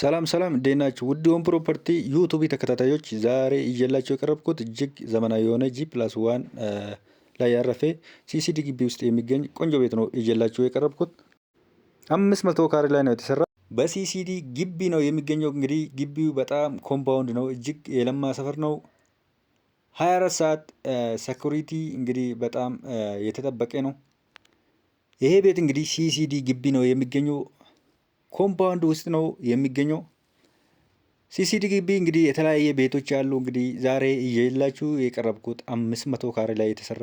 ሰላም ሰላም እንዴት ናችሁ? ውድ ሆም ፕሮፐርቲ ዩቱብ ተከታታዮች ዛሬ እየላቸው የቀረብኩት እጅግ ዘመናዊ የሆነ ጂ ፕላስ ዋን ላይ ያረፈ ሲሲዲ ግቢ ውስጥ የሚገኝ ቆንጆ ቤት ነው እየላቸው የቀረብኩት። አምስት መቶ ካሬ ላይ ነው የተሰራ በሲሲዲ ግቢ ነው የሚገኘው። እንግዲህ ግቢው በጣም ኮምፓውንድ ነው፣ እጅግ የለማ ሰፈር ነው። ሀያ አራት ሰዓት ሰኩሪቲ እንግዲህ በጣም የተጠበቀ ነው። ይሄ ቤት እንግዲህ ሲሲዲ ግቢ ነው የሚገኘው። ኮምፓውንድ ውስጥ ነው የሚገኘው። ግቢ እንግዲህ የተለያየ ቤቶች ያሉ እንግዲህ ዛሬ እየላችሁ የቀረብኩት አምስት መቶ ካሬ ላይ የተሰራ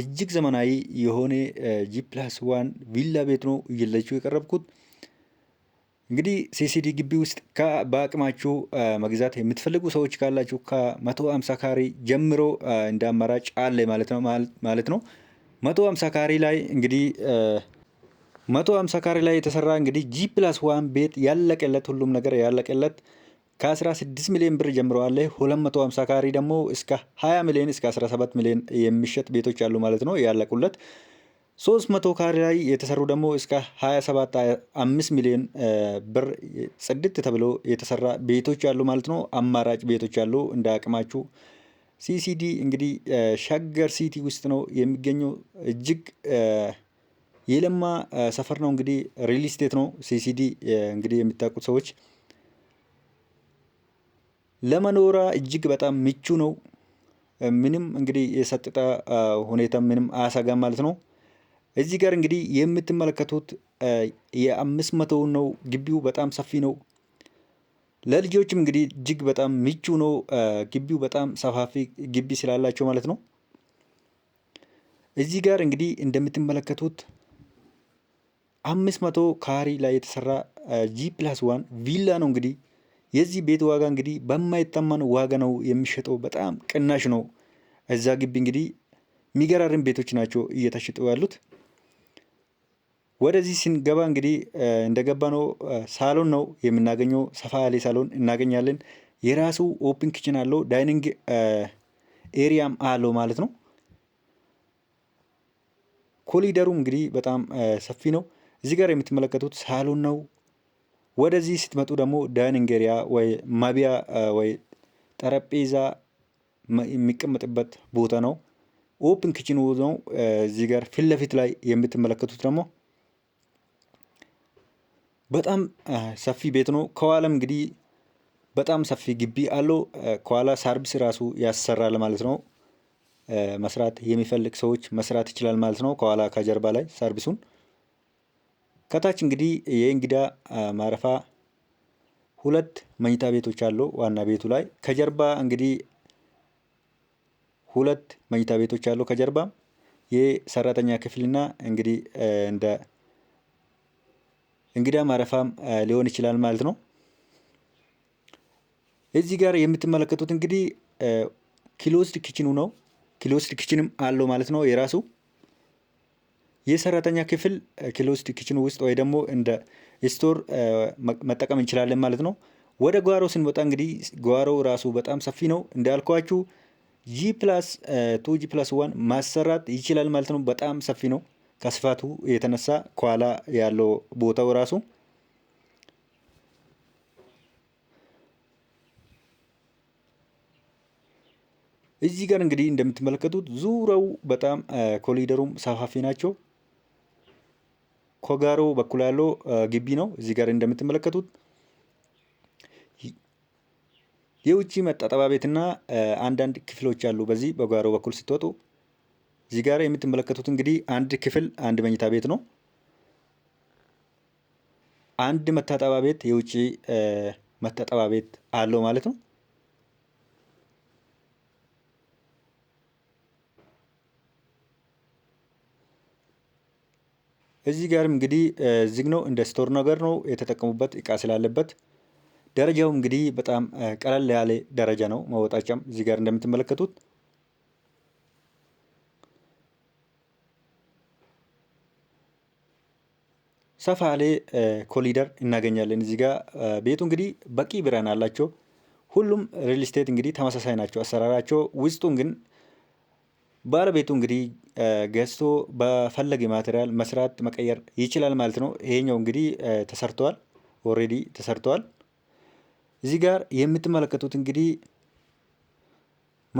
እጅግ ዘመናዊ የሆነ ጂ ፕላስ ዋን ቪላ ቤት ነው እየላችሁ የቀረብኩት። እንግዲህ ሲሲዲ ግቢ ውስጥ በአቅማችሁ መግዛት የምትፈልጉ ሰዎች ካላችሁ ከመቶ አምሳ ካሬ ጀምሮ እንደ አማራጭ አለ ማለት ነው መቶ አምሳ ካሬ ላይ እንግዲህ መቶ ሀምሳ ካሬ ላይ የተሰራ እንግዲህ ጂ ፕላስ ዋን ቤት ያለቀለት ሁሉም ነገር ያለቀለት ከ16 ሚሊዮን ብር ጀምሮ አለ። 250 ካሬ ደግሞ እስከ 20 ሚሊዮን እስከ 17 ሚሊዮን የሚሸጥ ቤቶች አሉ ማለት ነው ያለቁለት። 300 ካሬ ላይ የተሰሩ ደግሞ እስከ 27 5 ሚሊዮን ብር ጽድት ተብሎ የተሰራ ቤቶች አሉ ማለት ነው። አማራጭ ቤቶች አሉ እንደ አቅማችሁ። ሲሲዲ እንግዲህ ሸገር ሲቲ ውስጥ ነው የሚገኘው እጅግ የለማ ሰፈር ነው እንግዲህ ሪል ስቴት ነው። ሲሲዲ እንግዲህ የምታውቁት ሰዎች ለመኖራ እጅግ በጣም ምቹ ነው። ምንም እንግዲህ የጸጥታ ሁኔታ ምንም አያሰጋም ማለት ነው። እዚህ ጋር እንግዲህ የምትመለከቱት የአምስት መቶው ነው። ግቢው በጣም ሰፊ ነው። ለልጆችም እንግዲህ እጅግ በጣም ምቹ ነው። ግቢው በጣም ሰፋፊ ግቢ ስላላቸው ማለት ነው። እዚህ ጋር እንግዲህ እንደምትመለከቱት አምስት መቶ ካሪ ላይ የተሰራ ጂ ፕላስ ዋን ቪላ ነው። እንግዲህ የዚህ ቤት ዋጋ እንግዲህ በማይተመን ዋጋ ነው የሚሸጠው። በጣም ቅናሽ ነው። እዛ ግቢ እንግዲህ የሚገራርም ቤቶች ናቸው እየተሸጡ ያሉት። ወደዚህ ስንገባ እንግዲህ እንደገባ ነው ሳሎን ነው የምናገኘው። ሰፋ ያለ ሳሎን እናገኛለን። የራሱ ኦፕን ኪችን አለው። ዳይኒንግ ኤሪያም አለው ማለት ነው። ኮሊደሩም እንግዲህ በጣም ሰፊ ነው። እዚህ ጋር የምትመለከቱት ሳሎን ነው። ወደዚህ ስትመጡ ደግሞ ዳይኒንግ ኤሪያ ወይ ማቢያ ወይ ጠረጴዛ የሚቀመጥበት ቦታ ነው። ኦፕን ኪችን ነው። እዚህ ጋር ፊት ለፊት ላይ የምትመለከቱት ደግሞ በጣም ሰፊ ቤት ነው። ከኋላም እንግዲህ በጣም ሰፊ ግቢ አለው። ከኋላ ሳርቪስ ራሱ ያሰራል ማለት ነው። መስራት የሚፈልግ ሰዎች መስራት ይችላል ማለት ነው። ከኋላ ከጀርባ ላይ ሰርቪሱን ከታች እንግዲህ የእንግዳ ማረፋ ሁለት መኝታ ቤቶች አሉ ዋና ቤቱ ላይ ከጀርባ እንግዲህ ሁለት መኝታ ቤቶች አሉ። ከጀርባ የሰራተኛ ክፍልና እንግዲህ እንደ እንግዳ ማረፋም ሊሆን ይችላል ማለት ነው። እዚህ ጋር የምትመለከቱት እንግዲህ ክሎዝድ ኪችኑ ነው። ክሎዝድ ኪችንም አለው ማለት ነው የራሱ የሰራተኛ ክፍል ክሎስድ ኪችን ውስጥ ወይ ደግሞ እንደ ስቶር መጠቀም እንችላለን ማለት ነው። ወደ ጓሮ ስንወጣ እንግዲህ ጓሮ ራሱ በጣም ሰፊ ነው እንዳልኳችሁ ጂ ፕላስ ቱ ጂ ፕላስ ዋን ማሰራት ይችላል ማለት ነው። በጣም ሰፊ ነው ከስፋቱ የተነሳ ከኋላ ያለው ቦታው ራሱ እዚህ ጋር እንግዲህ እንደምትመለከቱት ዙረው በጣም ኮሊደሩም ሰፋፊ ናቸው። ኮጋሮ በኩል ያለው ግቢ ነው። እዚህ ጋር እንደምትመለከቱት የውጭ መጣጠባ ቤትና አንዳንድ ክፍሎች አሉ። በዚህ በጓሮ በኩል ስትወጡ እዚህ ጋር የምትመለከቱት እንግዲህ አንድ ክፍል አንድ መኝታ ቤት ነው። አንድ መታጠባ ቤት የውጭ መታጠባ ቤት አለው ማለት ነው። እዚህ ጋርም እንግዲህ ዝግ ነው እንደ ስቶር ነገር ነው የተጠቀሙበት እቃ ስላለበት ደረጃው እንግዲህ በጣም ቀለል ያለ ደረጃ ነው። ማወጣጫም እዚህ ጋር እንደምትመለከቱት ሰፋ ያለ ኮሊደር እናገኛለን። እዚህ ጋር ቤቱ እንግዲህ በቂ ብርሃን አላቸው። ሁሉም ሪል ስቴት እንግዲህ ተመሳሳይ ናቸው አሰራራቸው። ውስጡን ግን ባለቤቱ እንግዲህ ገዝቶ በፈለገ ማቴሪያል መስራት መቀየር ይችላል ማለት ነው። ይሄኛው እንግዲህ ተሰርተዋል፣ ኦሬዲ ተሰርተዋል። እዚህ ጋር የምትመለከቱት እንግዲህ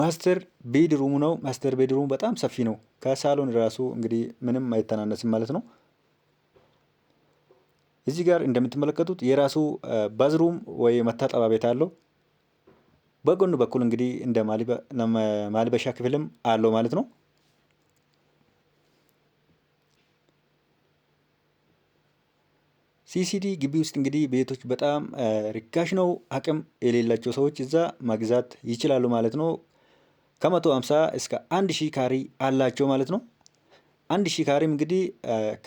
ማስተር ቤድሩሙ ነው። ማስተር ቤድሩሙ በጣም ሰፊ ነው። ከሳሎን ራሱ እንግዲህ ምንም አይተናነስም ማለት ነው። እዚህ ጋር እንደምትመለከቱት የራሱ ባዝሩም ወይ መታጠቢያ ቤት አለው። በጎን በኩል እንግዲህ እንደ ማልበሻ ክፍልም አለው ማለት ነው። ሲሲዲ ግቢ ውስጥ እንግዲህ ቤቶች በጣም ርካሽ ነው። አቅም የሌላቸው ሰዎች እዛ መግዛት ይችላሉ ማለት ነው። ከመቶ ሃምሳ እስከ አንድ ሺህ ካሪ አላቸው ማለት ነው። አንድ ሺህ ካሪም እንግዲህ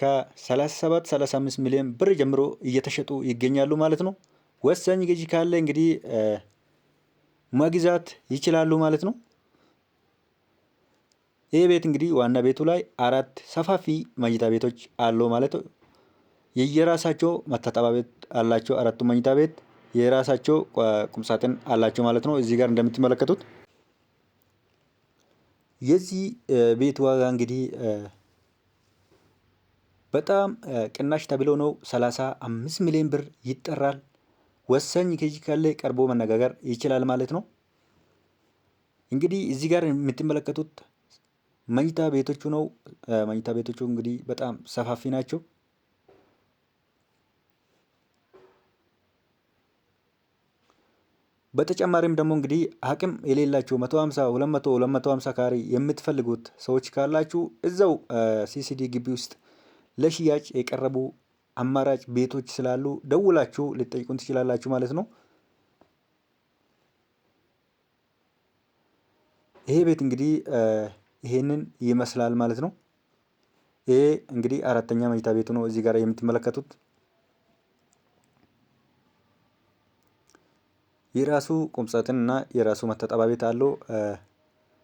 ከ37 35 ሚሊዮን ብር ጀምሮ እየተሸጡ ይገኛሉ ማለት ነው። ወሳኝ ገዢ ካለ እንግዲህ መግዛት ይችላሉ ማለት ነው። ይህ ቤት እንግዲህ ዋና ቤቱ ላይ አራት ሰፋፊ መኝታ ቤቶች አለው ማለት ነው። የየራሳቸው መታጠቢያ ቤት አላቸው። አራቱ መኝታ ቤት የራሳቸው ቁምሳጥን አላቸው ማለት ነው። እዚህ ጋር እንደምትመለከቱት የዚህ ቤት ዋጋ እንግዲህ በጣም ቅናሽ ተብሎ ነው 35 ሚሊዮን ብር ይጠራል። ወሳኝ ከዚህ ካለ ቀርቦ መነጋገር ይችላል ማለት ነው። እንግዲህ እዚህ ጋር የምትመለከቱት መኝታ ቤቶቹ ነው። መኝታ ቤቶቹ እንግዲህ በጣም ሰፋፊ ናቸው። በተጨማሪም ደግሞ እንግዲህ አቅም የሌላችሁ 150 200 250 ካሬ የምትፈልጉት ሰዎች ካላችሁ እዛው ሲሲዲ ግቢ ውስጥ ለሽያጭ የቀረቡ አማራጭ ቤቶች ስላሉ ደውላችሁ ልጠይቁን ትችላላችሁ ማለት ነው። ይሄ ቤት እንግዲህ ይሄንን ይመስላል ማለት ነው። ይሄ እንግዲህ አራተኛ መኝታ ቤቱ ነው እዚህ ጋር የምትመለከቱት። የራሱ ቁምሳጥን እና የራሱ መታጠቢያ ቤት አለው።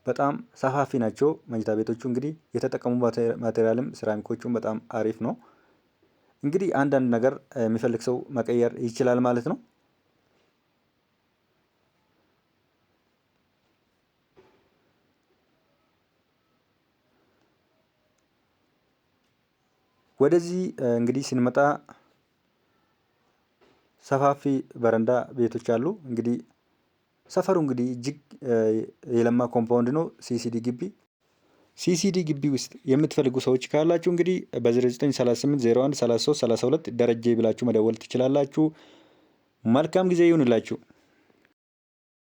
በጣም ሰፋፊ ናቸው መኝታ ቤቶቹ እንግዲህ የተጠቀሙ ማቴሪያልም ሴራሚኮቹም በጣም አሪፍ ነው። እንግዲህ አንዳንድ ነገር የሚፈልግ ሰው መቀየር ይችላል ማለት ነው። ወደዚህ እንግዲህ ስንመጣ ሰፋፊ በረንዳ ቤቶች አሉ። እንግዲህ ሰፈሩ እንግዲህ እጅግ የለማ ኮምፓውንድ ነው። ሲሲዲ ግቢ ሲሲዲ ግቢ ውስጥ የምትፈልጉ ሰዎች ካላችሁ እንግዲህ በ0938 01 32 ደረጀ ብላችሁ መደወል ትችላላችሁ። መልካም ጊዜ ይሁንላችሁ።